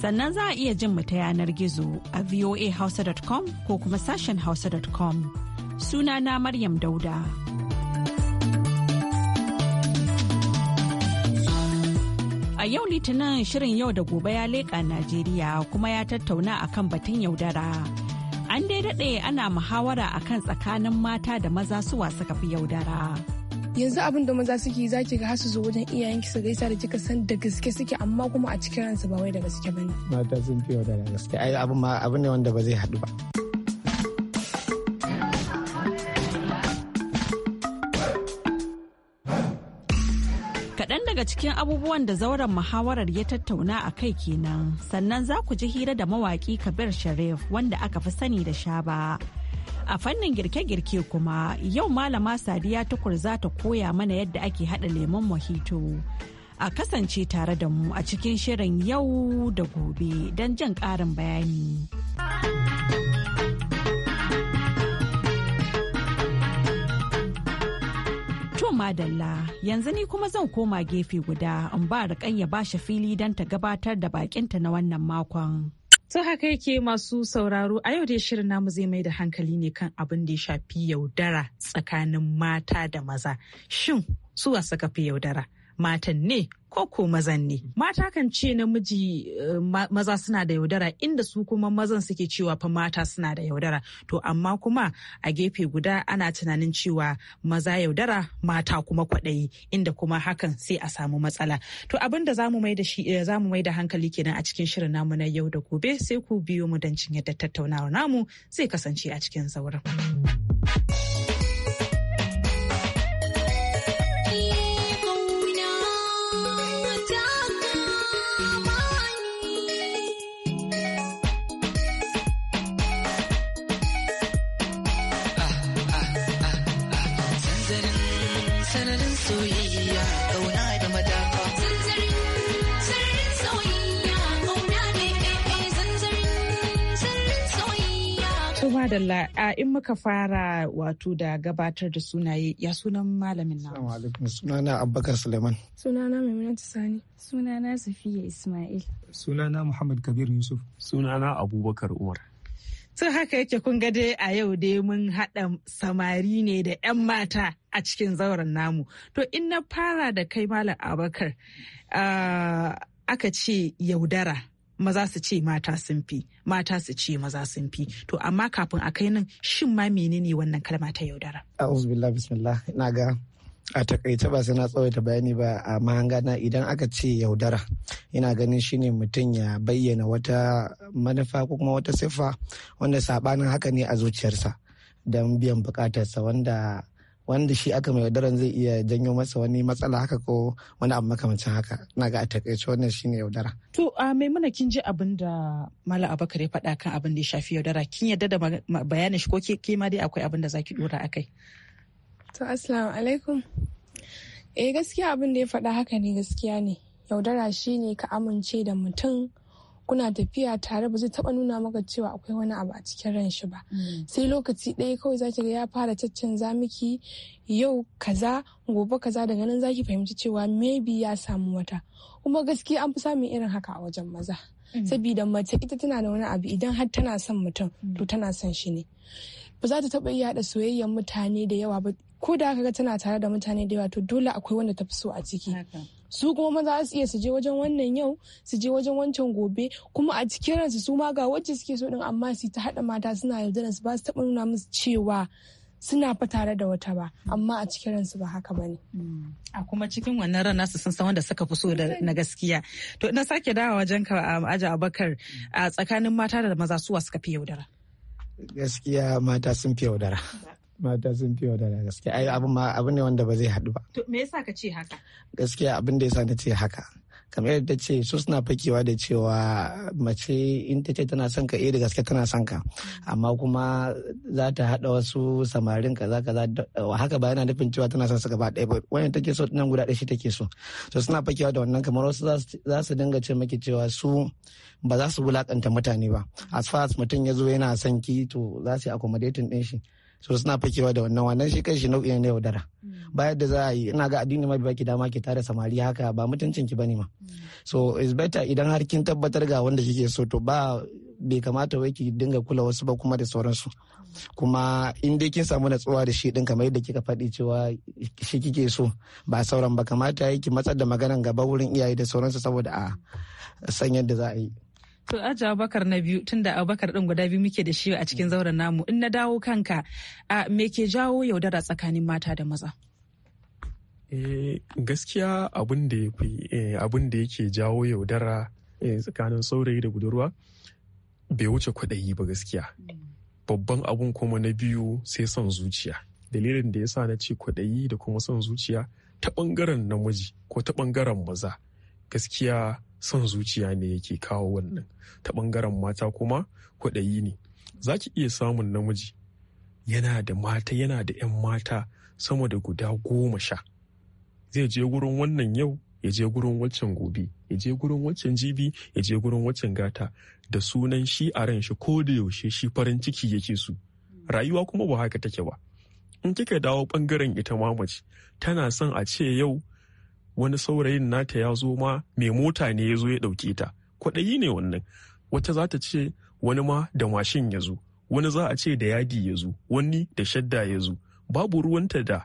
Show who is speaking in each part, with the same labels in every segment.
Speaker 1: sannan za a iya jin mu ta yanar gizo a voahausa.com ko kuma sashen hausa.com suna na maryam dauda a yau litinin shirin yau da gobe ya leƙa najeriya kuma ya tattauna akan batun yaudara an dai daɗe ana muhawara akan tsakanin mata da maza suwa suka fi yaudara. yanzu abin
Speaker 2: da maza suke za ki ga hasu zo wajen iyayenki su gaisa da kika san da gaske suke amma kuma a cikin ransu ba wai da gaske bane
Speaker 3: mata sun fi da gaske ai abin ma abin ne wanda ba zai haɗu ba
Speaker 1: kaɗan daga cikin abubuwan da zauren muhawarar ya tattauna a kai kenan sannan za ku ji hira da mawaƙi kabir sharif wanda aka fi sani da shaba A fannin girke-girke kuma yau malama Sadiya tukur za ta koya mana yadda ake haɗa lemon mojito. A kasance tare da mu a cikin shirin yau da gobe don jan ƙarin bayani. To madalla yanzu ni kuma zan koma gefe guda in ba rikayya ba shi fili don ta gabatar da
Speaker 4: bakinta na wannan makon. To haka yake masu sauraro a yau dai shirin namu zai mai da hankali ne kan abin da ya shafi yaudara tsakanin mata da maza. Shin su wasa kafi yaudara? matan ne ko ko mazan ne. Mata kan ce namiji eh, maza suna da yaudara inda su kuma mazan suke cewa fa mata suna da yaudara. To amma kuma a gefe guda ana tunanin cewa maza yaudara mata kuma kwaɗayi inda kuma hakan sai a samu matsala. To abin da zamu mai da shi eh, mai da hankali kenan a cikin shirin namu na yau da gobe sai ku biyo mu don cin yadda tattaunawar namu zai kasance a cikin zauren. madalla in muka fara wato da gabatar da sunaye ya sunan malamin na. Assalamu
Speaker 3: alaikum sunana Abubakar Suleiman.
Speaker 4: Sunana Maimunatu Sani. Sunana Safiya Ismail.
Speaker 5: Sunana Muhammad Kabir Yusuf. Sunana Abubakar Umar.
Speaker 4: Tun haka yake kun ga dai a yau dai mun haɗa samari ne da 'yan mata a cikin zauren namu. To in na fara da kai Malam Abubakar aka ce yaudara. maza su ce mata sun fi mata su ce maza sun fi to amma kafin a kai nan shin ma menene wannan kalma ta yaudara
Speaker 3: a'udzubillah bismillah ina ga a takaice ba sai na tsawaita bayani ba a mahanga na idan aka ce yaudara ina ganin shine mutum ya bayyana wata manufa ko kuma wata siffa wanda sabanin haka ne a zuciyarsa don biyan bukatarsa wanda wanda shi aka mai yaudaran zai iya janyo masa wani matsala haka ko wani abu makamancin haka na ga a takaice wannan shine yaudara.
Speaker 4: To a maimuna kin ji abin da mala Abakar ya faɗa kan abin da ya shafi yaudara kin yadda da bayanin shi ko ke ma dai akwai abin da zaki dora akai.
Speaker 2: To assalamu alaikum. Eh gaskiya abin da ya faɗa haka ne gaskiya ne. Yaudara shi ne ka amince da mutum kuna tafiya tare ba zai taba nuna maka cewa akwai wani abu a cikin ran shi ba mm. sai lokaci ɗaya kawai zaki ga ya fara caccan miki yau kaza gobe kaza daga nan zaki fahimci cewa maybe ya samu wata kuma gaskiya an fi samun irin haka a wajen maza mm. sabida mace ita tana da wani abu idan har tana son mutum mm. to tana son shi ne ba za ta taɓa iya da soyayyar mutane da yawa ba ko da aka ga tana tare da mutane da yawa to dole akwai wanda ta fi so a ciki su kuma maza su iya su je wajen wannan yau su je wajen wancan gobe kuma a cikin ransu su ma ga wacce suke so din amma su ta hada mata suna yaudarar su ba su taba nuna musu cewa suna fa tare da wata ba amma a cikin ransu ba haka bane
Speaker 4: a kuma cikin wannan ran nasu sun san wanda suka fi so na gaskiya to na sake dawa wajen ka um, aja abakar a tsakanin mata da maza suwa suka fi yaudara
Speaker 3: gaskiya mata sun fi yaudara mata sun fi wadata gaskiya ai abin ma abin ne wanda ba zai haɗu ba
Speaker 4: to me yasa ka ce haka
Speaker 3: gaskiya abin da yasa na ce haka kamar yadda ce su suna fakewa da cewa mace in ta ce tana son ka eh da gaske tana son ka mm. amma kuma za ta haɗa wasu samarin kaza kaza haka ba yana nufin cewa tana son su gaba ɗaya ba ta take so nan guda ɗaya shi take so to suna fakewa da wannan kamar wasu za su dinga ce maki cewa su ba za su wulakanta mutane ba mm. as far as mutum ya zo yana son ki to za su yi accommodating ɗin shi so suna fakewa da wannan wannan shi kai shi nau'i na yaudara mm. bayan da za a yi ina ga addini ma baki dama ki tare samari haka ba mutuncin ki bane ma mm. so is better idan har kin tabbatar ga wanda kike so to ba bai kamata wai ki dinga kula wasu ba kuma da sauransu kuma in dai kin samu natsuwa da shi din kamar yadda kika faɗi cewa shi kike so ba sauran ba kamata yi ki matsar da maganan gaba wurin iyaye da sauransu saboda a san yadda za a yi
Speaker 4: To aji Abubakar na biyu tunda Abubakar ɗin guda biyu muke da shi a cikin zauren namu in na dawo kanka a me ke jawo yaudara tsakanin mata da maza?
Speaker 6: Eh, gaskiya abin da eh, abin yake jawo yaudara eh, tsakanin saurayi da budurwa bai wuce kwaɗayi ba gaskiya. Babban abun kuma na biyu sai son zuciya. Dalilin da ya sa na ce kwaɗayi da kuma son zuciya ta ɓangaren namiji ko ta ɓangaren maza gaskiya son zuciya ne yake kawo wannan ta ɓangaren mata kuma kwaɗayi ne za ki iya samun namiji yana da mata yana da 'yan mata sama da guda goma sha zai je gurin wannan yau ya je gurin waccan gobe ya je gurin waccan jibi ya je gurin waccan gata da sunan shi a ran shi ko da yaushe shi farin ciki yake su rayuwa kuma ba haka take ba in kika dawo bangaren ita mamaci tana son a ce yau wani saurayin nata ya zo ma mai mota ne ya zo ya ɗauke ta kwaɗayi ne wannan wata za ta ce wani ma da mashin ya zo wani za a ce da yadi ya zo wani da shadda ya zo babu ruwanta da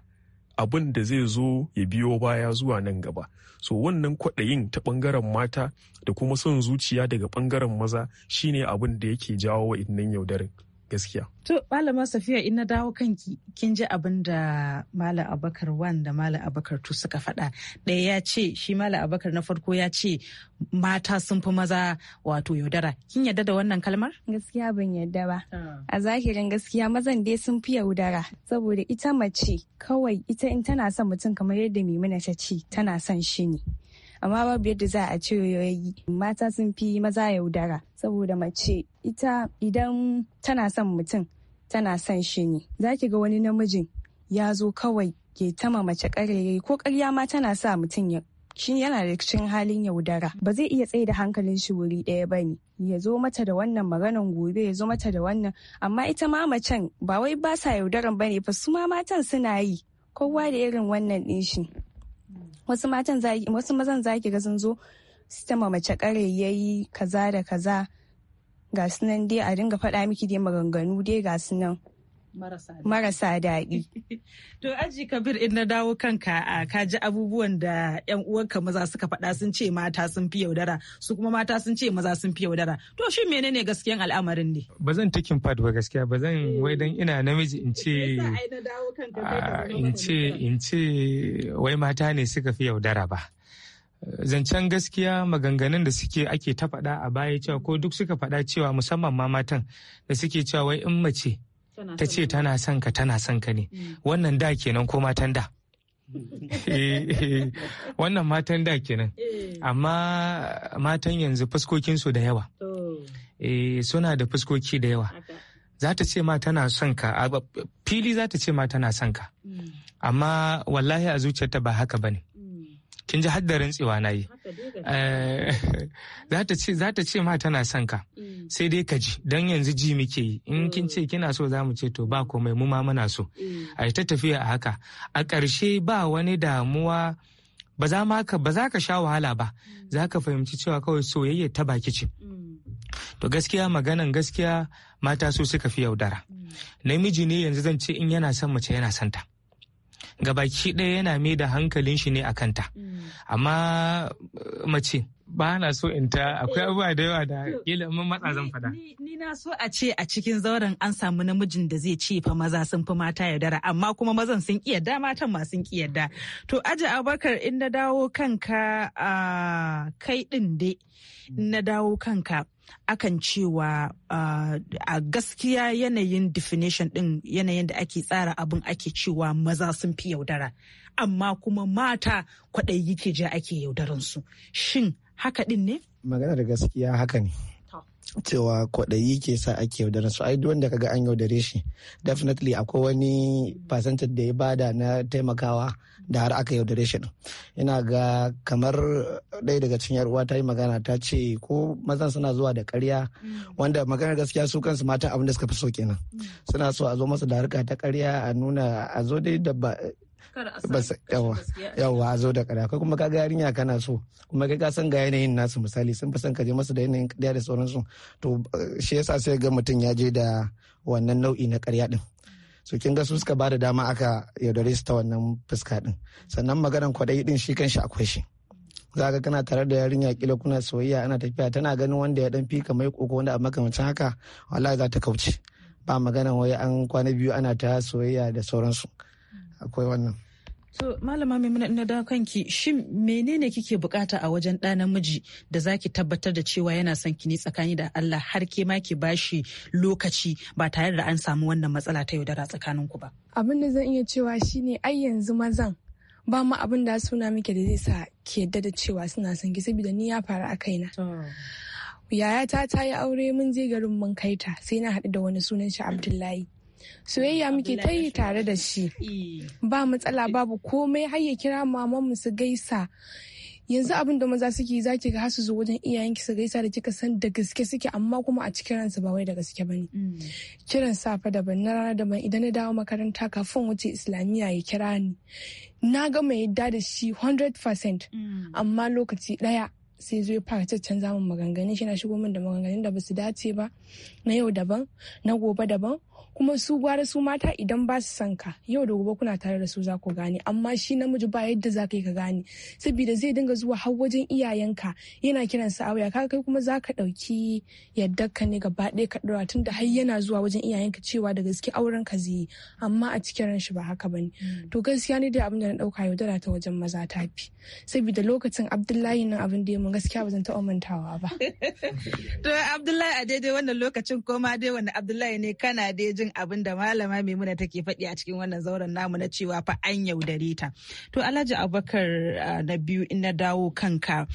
Speaker 6: abin da zai zo ya biyo baya zuwa nan gaba so wannan kwaɗayin ta ɓangaren mata da kuma son zuciya daga ɓangaren maza shine abin da yake jawo wa innan yaudarin gaskiya.
Speaker 4: To malama Safiya in na dawo kanki kin ji abin da Malam Abakar wan da Malam Abakar tu suka faɗa. Ɗaya ya ce shi Malam Abakar na farko ya ce mata sun fi maza wato yaudara. Kin yadda da wannan kalmar? Gaskiya ban yadda ba. Ah. A zahirin gaskiya
Speaker 2: mazan dai sun fi yaudara saboda ita mace kawai ita in tana son mutum kamar yadda Maimuna ta ce tana son shi ne. amma babu yadda za a ce mata sun fi maza yaudara saboda mace ita idan tana son mutum tana son shi ne za ki ga wani namijin ya zo kawai ke tama mace karere ko karya ma tana sa mutum ya shi yana da cikin halin yaudara ba zai iya tsaye da hankalin shi wuri ɗaya ba ne ya zo mata da wannan maganan gobe ya zo mata da wannan amma ita ma macen ba wai ba sa yaudaran ba ne fa su ma matan suna yi kowa da irin wannan ɗin shi wasu matan wasu mazan zaki ga sun zo su ta mace kare yayi kaza da kaza ga su dai a dinga faɗa miki dai maganganu dai ga su
Speaker 4: marasa daɗi. to aji kabir in na dawo kanka a kaji abubuwan da yan uwanka maza suka faɗa sun ce mata sun fi yaudara su kuma mata sun ce maza sun fi yaudara to shin menene gaskiyan al'amarin ne.
Speaker 5: ba zan takin fad ba gaskiya ba zan eh. wai dan ina namiji in ce in ce in ce wai mata ne suka fi yaudara ba. zancen gaskiya maganganun da suke ake ta faɗa a baya cewa ko duk suka faɗa cewa musamman ma matan da suke cewa wai in mace ta ce tana son ka tana son ka ne mm. wannan da kenan ko matan da eh, wannan matan da kenan eh. amma matan yanzu fuskokinsu da yawa eh, suna da fuskoki da yawa za ta ce ma tana son ka fili za ta ce ma tana son ka mm. amma wallahi a zuciyarta ba haka ba ne kin ji haddarin tsiwa na yi eh, za ta ce ma tana son ka mm. sai dai ka ji don yanzu ji muke yi in mm. kin ce kina so za mu ce to ba komai mu ma muna so mm. a ta tafiya a haka a ƙarshe ba wani damuwa ba za ka ba za ka sha wahala ba za ka fahimci cewa kawai soyayya ta baki ce to gaskiya maganan gaskiya mata so suka fi yaudara namiji ne yanzu zan ce in yana son mace yana sonta. gabaki ɗaya yana mai da hankalin shi ne a kanta mm. amma uh, mace ba na so in ta akwai abubuwa da yawa da kila mun matsa zan fada.
Speaker 4: Ni na so a ce a cikin zauren an samu namijin da zai ce fa maza sun fi mata yaudara amma kuma mazan sun ki matan ma sun ki To Aji Abubakar in na dawo kanka a ah, kai din dai in mm. na dawo kanka. akan cewa uh, a gaskiya yanayin definition din yanayin da ake tsara abin ake cewa maza sun fi yaudara amma kuma mata kwaɗayi ke ja ake yaudaransu shin haka din ne
Speaker 3: magana da gaskiya haka ne cewa kwaɗayi ke sa ake yaudara su ai wanda kaga an yaudare shi definitely akwai wani percentage da ya bada na taimakawa da har aka yaudare shi ina ga kamar ɗaya daga cikin yar uwa ta yi magana ta ce ko mazan suna zuwa da ƙarya mm. wanda maganar gaskiya su kansu mata abin da suka fi so kenan mm. suna so a zo masa da harka ta karya a nuna a zo dai da yawa a zo da kada kai kuma kaga yarinya kana so kuma kai ka san ga yanayin nasu misali sun fi san ka je masu da yanayin kariya da sauransu to eh, shi yasa sai ga mutum ya je da wannan nau'i na karya din so kin ga su suka ba da dama aka yaudare su ta wannan fuska din sannan maganan kwadai din shi kanshi akwai shi za ka kana tare da yarinya kila kuna soyayya ana tafiya tana ganin wanda ya dan fi kamar koko wanda a makamancin haka wallahi za ta kauce ba maganan wai an kwana biyu ana ta soyayya da sauransu akwai wannan
Speaker 4: So malama mai na ina kanki shin menene kike bukata a wajen ɗa namiji da zaki tabbatar da cewa yana son ki ne tsakani da Allah har ke ma ki bashi lokaci ba tare da an samu wannan matsala ta yaudara tsakanin ku ba.
Speaker 2: Abin da zan iya cewa shine ai yanzu mazan ba ma abin da suna miki da zai sa ki yadda da cewa suna son ki saboda ni ya faru a kaina. Yayata ta yi aure mun je garin mun kai ta sai na haɗu da wani sunan shi Abdullahi. soyayya muke ta yi tare da shi eh. ba matsala babu komai har ya kira maman su gaisa yanzu abin da maza suke za ki ga hasu zuwa wajen iyayenki su gaisa da kika san da gaske suke amma kuma a cikin ransu ba wai da gaske bane mm. kiran safe daban na rana daban idan na dawo makaranta kafin wuce islamiyya ya kira ni na gama yadda da shi 100% mm. amma lokaci daya sai zo ya fara canza min maganganun shi na shigo min da maganganun da basu dace ba na yau daban na gobe daban kuma su gwara su mata idan ba su sanka yau da gobe kuna tare da su za ku gane amma shi namiji ba yadda za ka yi ka gane saboda zai dinga zuwa har wajen iyayenka yana kiran su auya waya kai kuma za ka ɗauki ka ne gaba ɗaya ka ɗora tun da har yana zuwa wajen iyayenka cewa da gaske auren ka zai yi amma a cikin ran shi ba haka ba ne hmm. to gaskiya ne dai abin da na ɗauka yaudara ta wajen maza ta fi saboda lokacin abdullahi nan abin da ya abin gaskiya ba zan taɓa mantawa ba.
Speaker 4: To Abdullahi a daidai wannan lokacin koma dai wannan Abdullahi ne kana dai jin abin da malama Maimuna take faɗi a cikin wannan zauren namu na cewa fa an yaudare ta. To Alhaji Abubakar na biyu ina dawo kanka.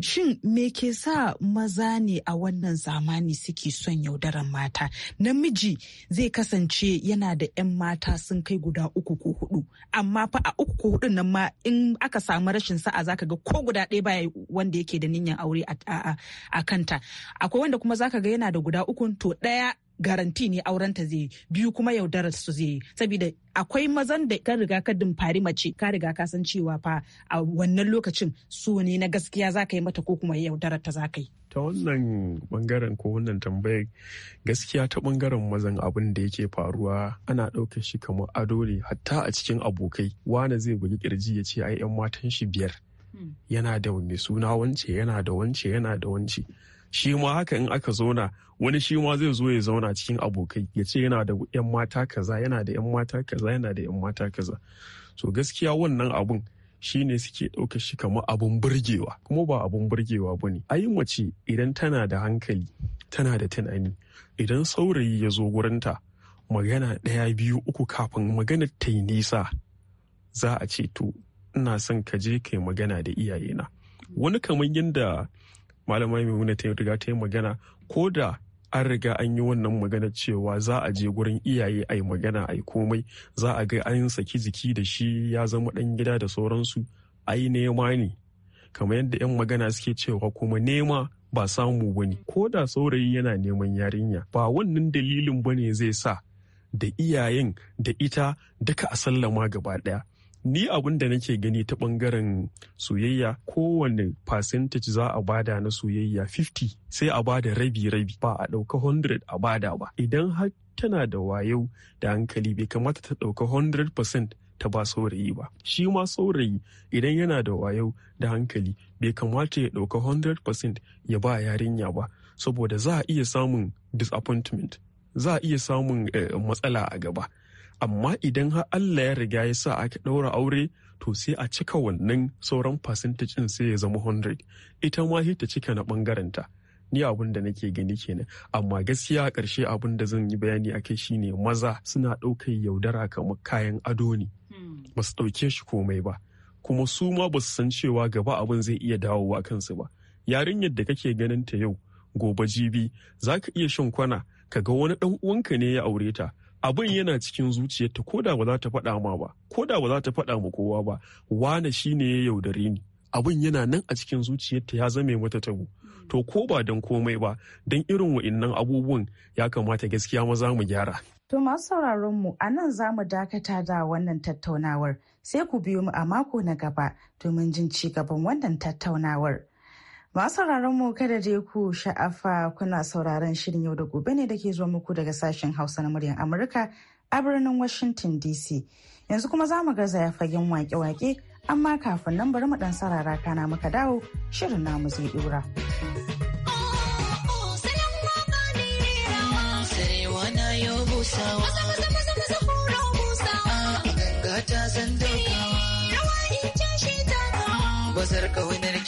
Speaker 4: Shin me ke sa maza ne a wannan zamani suke son yaudarar mata? Namiji zai kasance yana da 'yan mata sun kai guda uku ko hudu. Amma fa a uku ko hudu nan ma in aka samu rashin sa'a zaka ga ko guda ɗaya ba wanda yake da niyyar aure a kanta akwai wanda kuma zaka ga yana da guda uku to ɗaya garanti ne aurenta zai biyu kuma yaudarar su zai saboda akwai mazan da ka riga ka dumfari mace ka riga ka san cewa fa a wannan lokacin su ne na gaskiya za ka yi mata ko kuma yaudarar ta za ka yi
Speaker 6: ta wannan bangaren ko wannan tambayar gaskiya ta bangaren mazan abin da yake faruwa ana ɗaukar shi kamar ado ne hatta a cikin abokai wane zai bugi kirji ya ce ai yan matan shi biyar yana da mai suna wance yana da wance yana da wance shi ma haka in aka zauna wani shi ma zai zo ya zauna cikin abokai ya ce yana da yan mata kaza yana da yan mata kaza yana da yan mata kaza so gaskiya wannan abun shi ne suke ɗauka shi kamar abun burgewa kuma ba abun burgewa ba ne ayi mace idan tana da hankali tana da tunani idan saurayi ya zo gurinta magana ɗaya biyu uku kafin magana ta yi nisa za a ce to ina son ka je ka magana da iyayena wani kamar yadda mai wuna ta riga ta yi magana ko da an riga an yi wannan magana cewa za a je gurin iyaye a yi magana a yi komai za a ga an saki jiki da shi ya zama ɗan gida da sauransu a yi nema ne kamar yadda 'yan magana suke cewa kuma nema ba samu ba ne ko da saurayi yana neman yarinya ba wannan dalilin ba ne zai sa da iyayen da ita duka a sallama gaba ɗaya ni abun da nake gani ta bangaren soyayya kowane percentage za a bada na soyayya 50 sai a bada rabi-rabi ba a ɗauka 100 a bada ba idan har tana da wayau da hankali bai kamata ta ɗauka 100% ta ba saurayi ba shi ma saurayi idan yana da wayau da hankali bai kamata ya ɗauka 100% ya ba yarinya ba saboda za a iya samun disappointment za a iya samun eh, matsala a gaba amma idan har Allah ya riga ya sa aka ɗaura aure to sai a cika wannan sauran fasintacin sai ya zama 100 ita ma ta cika na ɓangarenta ni abin da nake gani kenan amma gaskiya a ƙarshe abin da zan yi bayani a kai shine maza suna ɗaukar yaudara kamar kayan ado ne hmm. ba su ɗauke shi komai ba kuma su ma ba su san cewa gaba abin zai iya dawowa kansu ba yarinyar da kake ganin ta yau gobe jibi za ka iya shan kwana ka ga wani ɗan uwanka ne ya aure ta abin yana cikin zuciyarta ko da ba za ta faɗa ma ba ko da ba za ta faɗa ma kowa ba wane shi ne ya yaudare ni abin yana nan a cikin zuciyarta ya zame mata tabu to ko ba don komai ba don irin wa'innan abubuwan ya kamata gaskiya maza mu gyara
Speaker 4: to masu sauraron mu a nan za mu dakata da wannan tattaunawar sai ku biyo mu a mako na gaba domin jin ci gaban wannan tattaunawar Masu mu kada dai ku sha'afa kuna sauraron shirin yau da gobe ne da ke zuwa muku daga sashen Hausa na muryar Amurka a birnin Washington DC. Yanzu kuma za mu ya fagen wake-wake amma kafin nan bari mu dan sarara kana muka dawo shirin namu zai dora.
Speaker 1: oh, oh, oh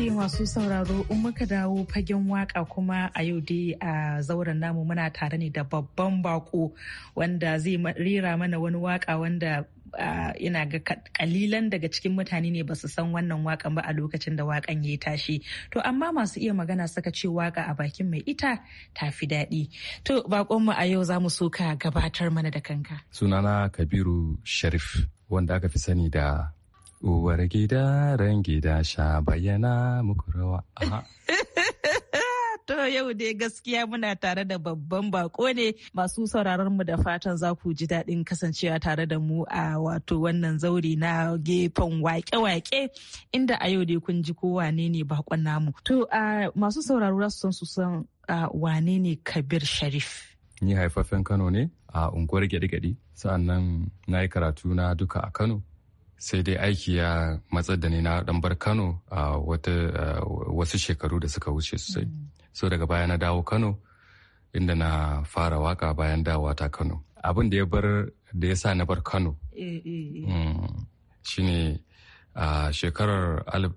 Speaker 4: yake masu sauraro in muka dawo fagen waka kuma a yau dai a zauren namu muna tare ne da babban bako wanda zai rera mana wani waka wanda ina ga kalilan daga cikin mutane ne ba su san wannan wakan ba a lokacin da wakan ya tashi to amma masu iya magana suka ce waka a bakin mai ita ta fi daɗi to bakonmu a yau za mu so ka gabatar mana da kanka
Speaker 7: sunana kabiru sharif wanda aka fi sani da Uwar gida ran gida sha bayyana muku rawa.
Speaker 4: To yau dai gaskiya muna tare da babban bako ne masu sauraron mu da fatan za ku ji daɗin kasancewa tare da mu a wato wannan zauri na gefen wake-wake inda a yau dai kun ji ko wane ne bakon namu. To masu sauraro za su san su san wane ne Kabir Sharif.
Speaker 7: Ni haifafen Kano ne a unguwar gyaɗe-gyaɗe sa'annan na yi karatu na duka a Kano. sai dai aiki ya matsar da ni na dan bar kano a wasu shekaru da suka wuce sosai mm. so daga baya na dawo kano inda na fara waka bayan dawa ta kano abin da ya bar da ya sa na bar kano
Speaker 5: eh, eh, eh. Mm,
Speaker 7: shine a shekarar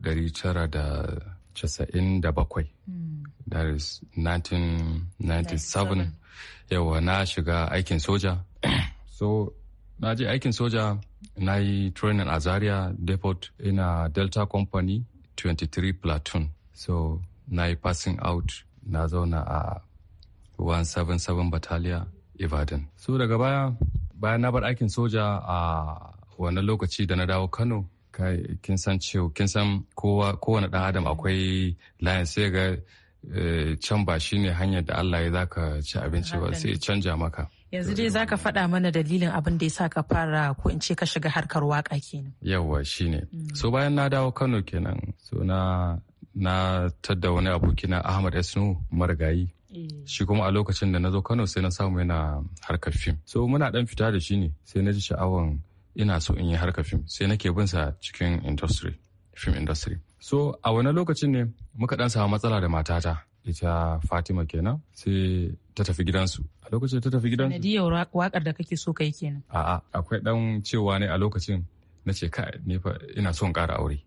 Speaker 7: 1997 mm. that is 1997 yawa na shiga aikin soja so na je aikin soja na yi training a zaria depot ina delta company 23 platoon so na yi passing out na zauna a 177 battalion ibadan so daga baya bayan na bar aikin soja a wannan lokaci da na dawo kano kin san cewa kin kowane dan adam akwai layin sai ga eh, can ba shine hanyar da allah ya zaka ci abinci ba sai canja maka
Speaker 4: yanzu dai zaka faɗa mana dalilin abin da ya sa ka fara ko in ce ka shiga harkar waka kenan
Speaker 7: yawwa shine mm. so bayan na dawo kano kenan so na na tadda wani abokina ahmad esnu marigayi eh. shi kuma a lokacin da na zo kano sai na samu yana harkar fim so muna dan fita da shi ne sai na ji sha'awan ina so in yi harkar fim sai nake bin sa cikin industry film industry so a wani lokacin ne muka dan samu matsala da matata ita fatima kenan sai ta tafi gidansu a lokacin ta tafi gidansu
Speaker 4: sanadiyar wakar da kake so kai kenan
Speaker 7: a'a akwai dan cewa ne a lokacin na ce kai ne fa ina son ƙara aure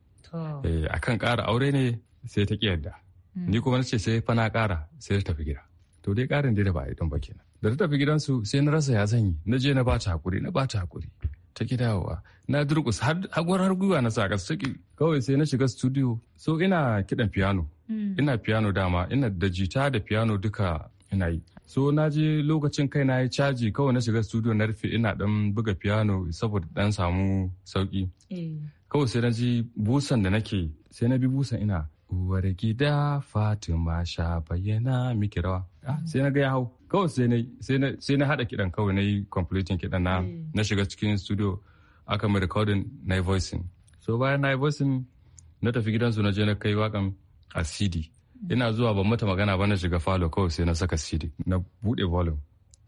Speaker 7: eh, a kan ƙara aure ne sai ta ƙi yadda hmm. ni kuma na ce sai fa na ƙara sai ta tafi gida to dai ƙarin dai da ba a yi ɗin ba kenan da ta tafi gidansu sai na rasa ya zanyi na je na ba ta hakuri na ba ta hakuri ta ki dawowa na durƙus har har gwiwa na sa ƙasa kawai sai na shiga studio so ina kiɗan piano Mm. ina piano dama ina da jita da piano duka ina yi so na je lokacin kai na yi caji kawai na shiga studio na rufe ina dan buga piano saboda dan samu sauki eh. kawai sai na ji busan da nake sai na bi busan ina uwar gida fatima sha bayyana miki rawa ah, mm. sai na ga ya hau kawai sai na hada kidan kawai na yi completing kidan na eh. na shiga cikin studio aka mai recording na voicing so bayan na voicing na tafi gidansu na je na kai wakan a cd ina zuwa ban mata magana ba na shiga falo kawai sai na saka cd na buɗe volume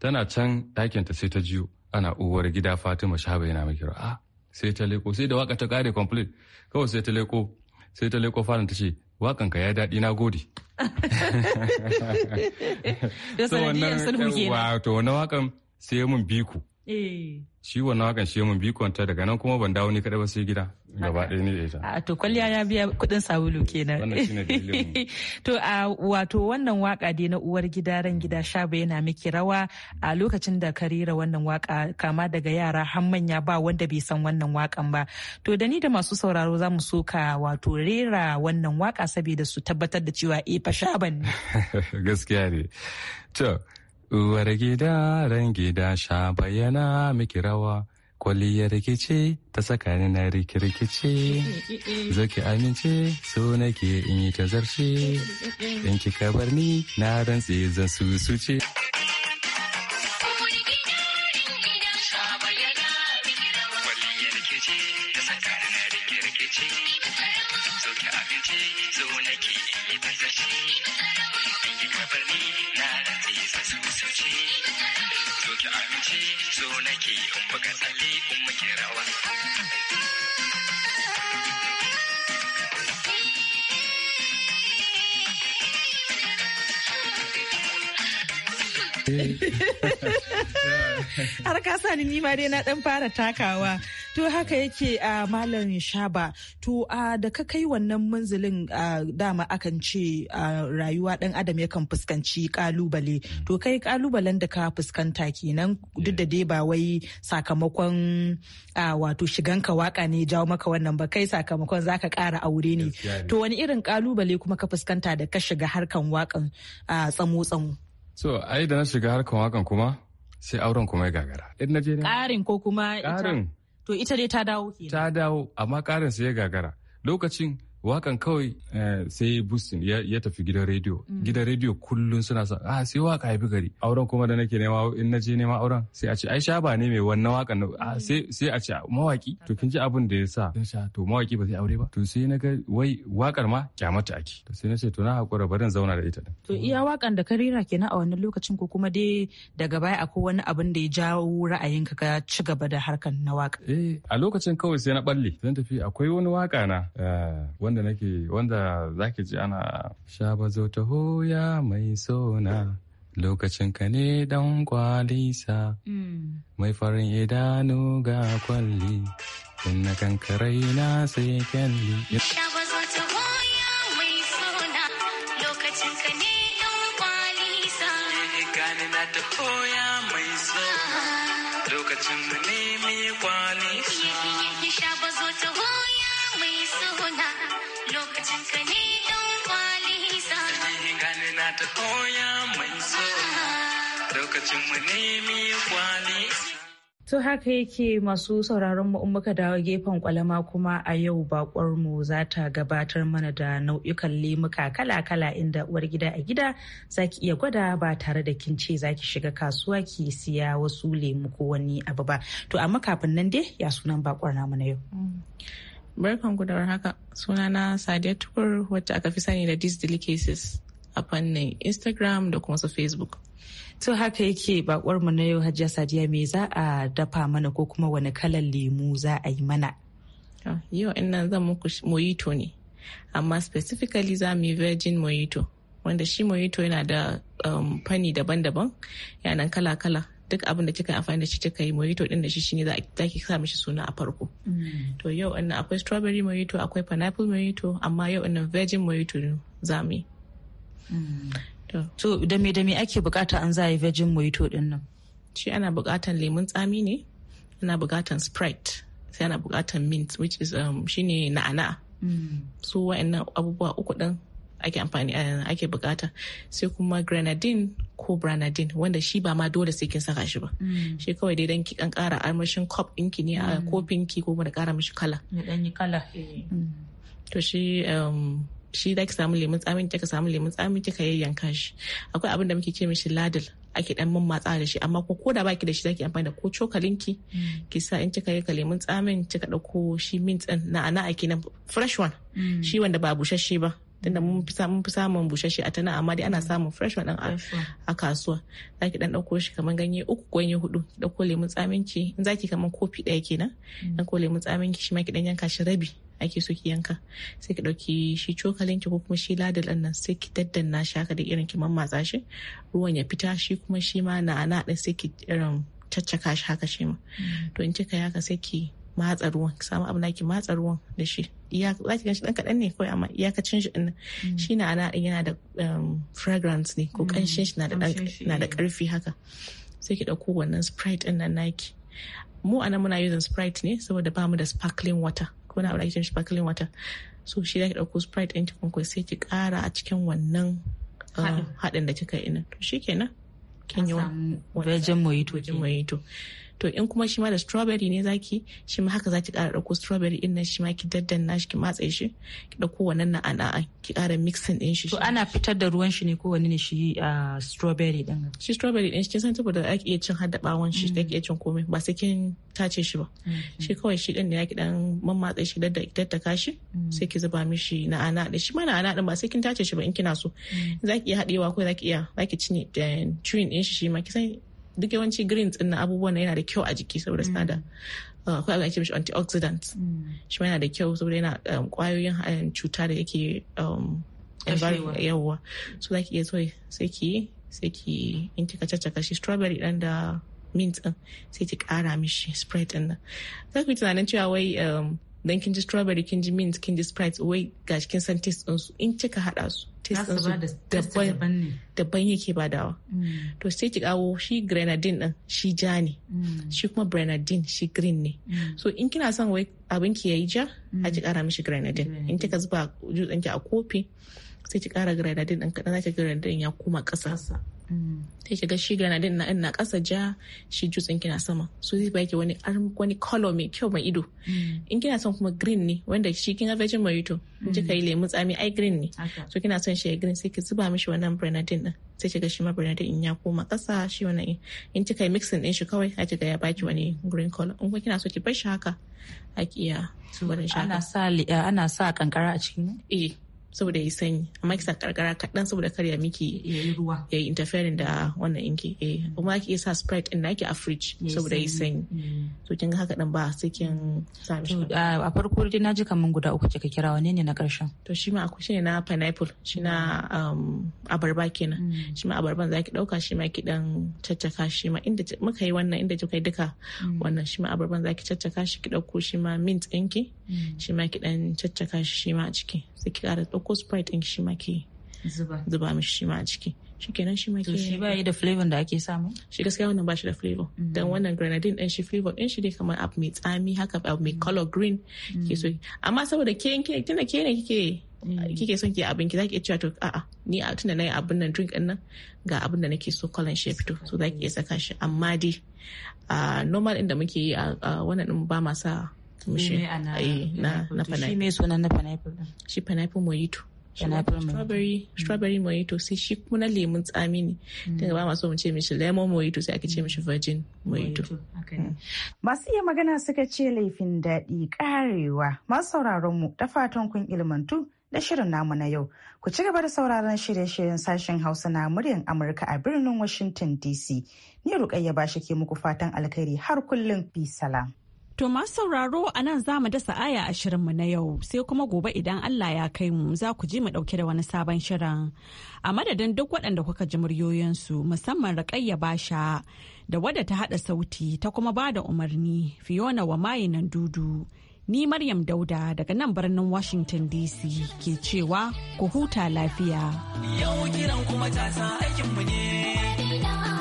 Speaker 7: tana can ɗakin ta sai ta jiyo ana uwar gida fatima shaba yana mai kira ah sai ta leko sai da waka ta kare complete kawai sai ta leko sai ta leko falon ta ce wakan ka ya daɗi na gode Wato wani wakan sai mun biku Eh. Ciwon na hakan shi mun ta daga nan kuma ban dawo ni kadai ba sai gida gaba ɗaya ne da ita a to kwalliya ya biya kuɗin sabulu kenan
Speaker 4: to a wato wannan waka dai na uwar gida ran gida shaba yana miki rawa a lokacin da ka rera wannan waka kama daga yara har manya ba wanda bai san wannan wakan ba to da ni da masu sauraro za mu soka wato rera wannan waka saboda su tabbatar da cewa eh fa shaban ne
Speaker 7: gaskiya ne to Uwar gida ran gida sha bayyana miki rawa, kwaliyar rikici ta tsakanin na rikice Zaki amince so nake in yi ta zarce, in ki bar ni na rantse zan rawa,
Speaker 6: kwaliyar rikici rikice
Speaker 4: ni Har ka sani ni ma dai na dan fara takawa. to haka yake a malam shaba to a da ka kai wannan manzilin dama akan ce rayuwa dan adam yakan fuskanci kalubale to kai kalubalen da ka fuskanta kenan duk da dai ba wai sakamakon wato shiganka waka ne jawo maka wannan ba kai sakamakon zaka kara aure ne to wani irin kalubale kuma ka fuskanta da ka shiga harkan wakan tsamo tsamo
Speaker 7: so ai da na shiga harkan wakan kuma sai auren kuma ya gagara.
Speaker 4: Ƙarin ko kuma ita? Ƙarin To ita dai ta dawo ke.
Speaker 7: Ta dawo amma karin ya gagara. Lokacin wakan kawai eh, sai bustin ya tafi gidan rediyo mm. gidan rediyo kullum suna sa ah sai waka ya fi gari auren kuma da nake nema in na je nema auren sai a ce ai shaba ne mai wannan wakan na ah, mm. sai a ce ah, mawaki to kin ji abin da ya sa ah, to mawaki ba zai aure ba to sai na ga wai wakar ma kyamata ake to sai na ce to na hakura barin zauna da ita to
Speaker 4: iya wakan da ka rera kenan a wannan lokacin ko kuma dai daga baya akwai wani abin da ya jawo ra'ayinka ka ci gaba da harkan na waka
Speaker 7: eh a lokacin kawai sai na balle zan tafi akwai wani waka na eh, wanda nake wanda zaki ji ana sha bazo ta hoya mai sona lokacin ka ne dan kwalisa mm. mai farin idanu ga kwalli in na kankarai na sai kyalli Lokacin da ah. ne mai kwalisa
Speaker 4: To haka yake masu sauraron mu in muka dawo gefen kwalama kuma a yau bakwar mu za ta gabatar mana da nau'ikan lemuka kala-kala inda uwar gida a gida za ki iya gwada ba tare da kin ce za ki shiga kasuwa ki siya wasu lemu ko wani abu ba. To amma kafin nan dai ya sunan bakwar namu na yau. Mm. Barkan ku da warhaka. Sunana Sadiya Tukur wacce aka fi sani da this Delicacies a fannin Instagram da kuma su Facebook. To haka yake bakwar mu na yau Hajiya Sadiya me za a dafa mana ko kuma wani kalan lemu za a yi mana? Ah, yau in nan zan muku
Speaker 8: mojito ne. Amma specifically za mu yi virgin mojito. Wanda shi mojito yana da um, fanni daban-daban, yanan kala-kala. duk abin da kika amfani da shi kika yi mojito din da shi shine za ki sa mishi suna a farko mm. to yau in akwai strawberry mojito akwai pineapple mojito amma yau in virgin mojito za mu yi mm. to da me da me ake bukata an za a yi virgin mojito din nan shi ana bukatan lemun tsami ne ana bukatan sprite sai ana bukatan mint which is um, shine na'ana mm. su wa'annan abubuwa uku din ake amfani eh, ake bukata sai kuma grenadine ko Bernardine wanda shi ba ma dole sai kin saka shi ba mm. shi kawai dai dan ki kan kara armashin cup ɗinki ne a kofin mm. ki ko da kara mishi kala ya dan yi kala eh. mm. to shi um, shi da ki samu lemun tsamin kika samu lemun tsamin kika yayyanka shi akwai abin da muke ce mishi ladil ake dan matsa da shi amma ko koda baki da shi zaki amfani da ko cokalin ki ki sa in kika yanka lemun tsamin kika dauko shi mint din na ana ake na fresh one shi wanda ba shi ba tunda mun fi samun bushashe a tana amma dai ana samun fresh ɗin a kasuwa zaki dan dauko shi kamar ganye uku ganye hudu dauko lemun tsamin in zaki kamar kofi daya kenan mm. ko lemun tsamin ki shi ma ki dan yanka shi rabi ake so ki yanka sai ki dauki shi cokalin ki ko kuma shi ladal din nan sai ki daddanna shi haka da irin ki mammatsa shi ruwan ya fita shi kuma shi ma na ana din sai ki irin caccaka shi haka shi ma mm. to in kika yaka sai ki matsa ruwan ka samu abu naki matsa ruwan da shi za ki ganshi dan kaɗan ne kawai amma iyakacin shi din mm. shi na ana yana da um, fragrance ne ko mm. ƙanshin shi na da karfi eh. haka sai ki ɗauko wannan sprite ɗin nan naki mu a nan muna using sprite ne saboda ba mu da sparkling water ko na abu aure sparkling water so shi zaki ɗauko sprite ɗin cikin kawai sai ki ƙara a cikin wannan uh, haɗin da kika yi ina to kenan kin yi wani vegin mojito to in kuma shi ma da strawberry ne zaki shi ma haka zaki kara dauko strawberry din nan shi ma ki daddanna shi ki matse shi ki dauko wannan na ana ki kara mixing din shi to ana fitar da ruwan shi ne ko wani ne shi strawberry din shi strawberry din shi kin san saboda ake iya cin har da bawon shi da iya cin komai ba sai kin tace shi ba mm. shi kawai shi din ne yaki dan mammatse shi daddaka shi mm. sai ki zuba mishi na ana shi ma na'ana ana din ba sai kin tace shi ba in kina so mm. zaki iya hadewa ko zaki iya zaki cinye eh, chewing din shi shi ma san duk yawanci greens din na abubuwan yana da kyau a jiki saboda suna da uh, akwai abin ake mishi antioxidant mm. shi yana da kyau saboda yana kwayoyin um, um, cuta da yake Yawwa um, so za ki iya zuwa sai ki sai ki in kika caccaka shi strawberry dan da mint din sai ki kara mishi spread din nan za ku yi tunanin cewa wai dan kin ji strawberry kin ji mint kin ji sprite wai gashi kin san taste din su in kika hada su taste din su daban daban yake badawa mm. to sai ki kawo shi grenadine din shi ja ne mm. shi kuma grenadine shi green ne mm. so in kina son wai abin ki yayi ja a ki kara mishi grenadine in kika zuba jutsin ki a kofi sai ki kara grenadine din kadan zaki grenadine ya kuma kasa sai shiga shi granadin na ina ƙasa ja shi jutsin kina sama so zai baki wani wani color mai kyau mai ido mm. in kina son kuma green ne wanda shi kin ga virgin mojito in kika yi mm. lemu tsami ai green ne so kina son shi green sai ki zuba mishi wannan granadin din sai kiga shi ma granadin in ya koma ƙasa shi wannan in kika yi mixing din shi kawai a kiga ya baki wani green color in kuma kina so ki bar shi haka a kiya eh, ana sa kankara a cikin eh saboda yi sanyi amma kisa karkara kaɗan saboda kar ya miki ya yi yayi interfering da wannan inki eh kuma ake sa sprite din naki a fridge saboda yi sanyi mm. to kin ga haka dan ba sai kin sa mishi a farko dai naji kaman guda uku kika kira wane ne na karshen to shi ma akwai ne na pineapple shi na um, abarba kenan mm. shi ma abarban zaki dauka shi ma ki dan caccaka shi ma inda muka yi wannan inda kika yi duka mm. wannan shi ma abarban zaki caccaka shi ki dauko shi ma mint ɗinki shi ma ki dan caccaka shi ma a ciki sai ki kara ɗauko sprite ɗin shi ma ke zuba mishi shi ma a ciki shi kenan shi ma ke shi ba yi da flavor da ake samu shi gaskiya wannan ba shi da flavor mm. dan wannan grenadine ɗin shi flavor ɗin shi dai kamar abu mai tsami haka abu mai color green mm. ke so amma saboda ke ke tunda ke ne kike mm. kike son ki abin ki zaki iya cewa to a'a ni a tunda nayi abin nan drink nan ga abin da nake so color shi ya fito so zaki iya saka shi amma dai normal inda muke yi a wannan ɗin ba ma sa mushe na na pineapple shi me sunan na pineapple shi pineapple mojito strawberry mm. strawberry mojito sai shi kuma na lemon tsami ne mm. daga ba masu mu ce mishi lemon mojito sai ake ce mishi virgin mojito mm.
Speaker 4: masu iya magana suka ce laifin daɗi ƙarewa masu sauraron mu da fatan kun ilmantu da shirin namu na yau ku ci gaba da sauraron shirye-shiryen sashen hausa na muryar amurka a birnin washington dc ni rukayya ba shi ke muku fatan alkhairi har kullum bi salam
Speaker 1: To masu sauraro a nan za mu dasa aya ashirin mu na yau sai kuma gobe idan Allah ya kai mu za ku ji mu ɗauke da wani sabon shirin. A madadin duk waɗanda kuka ji muryoyinsu musamman Raƙayya Basha da wadda ta haɗa sauti ta kuma ba da umarni Fiona wa mayinan dudu. Ni Maryam Dauda daga nan birnin Washington DC ke cewa ku huta lafiya. Yau kiran ne.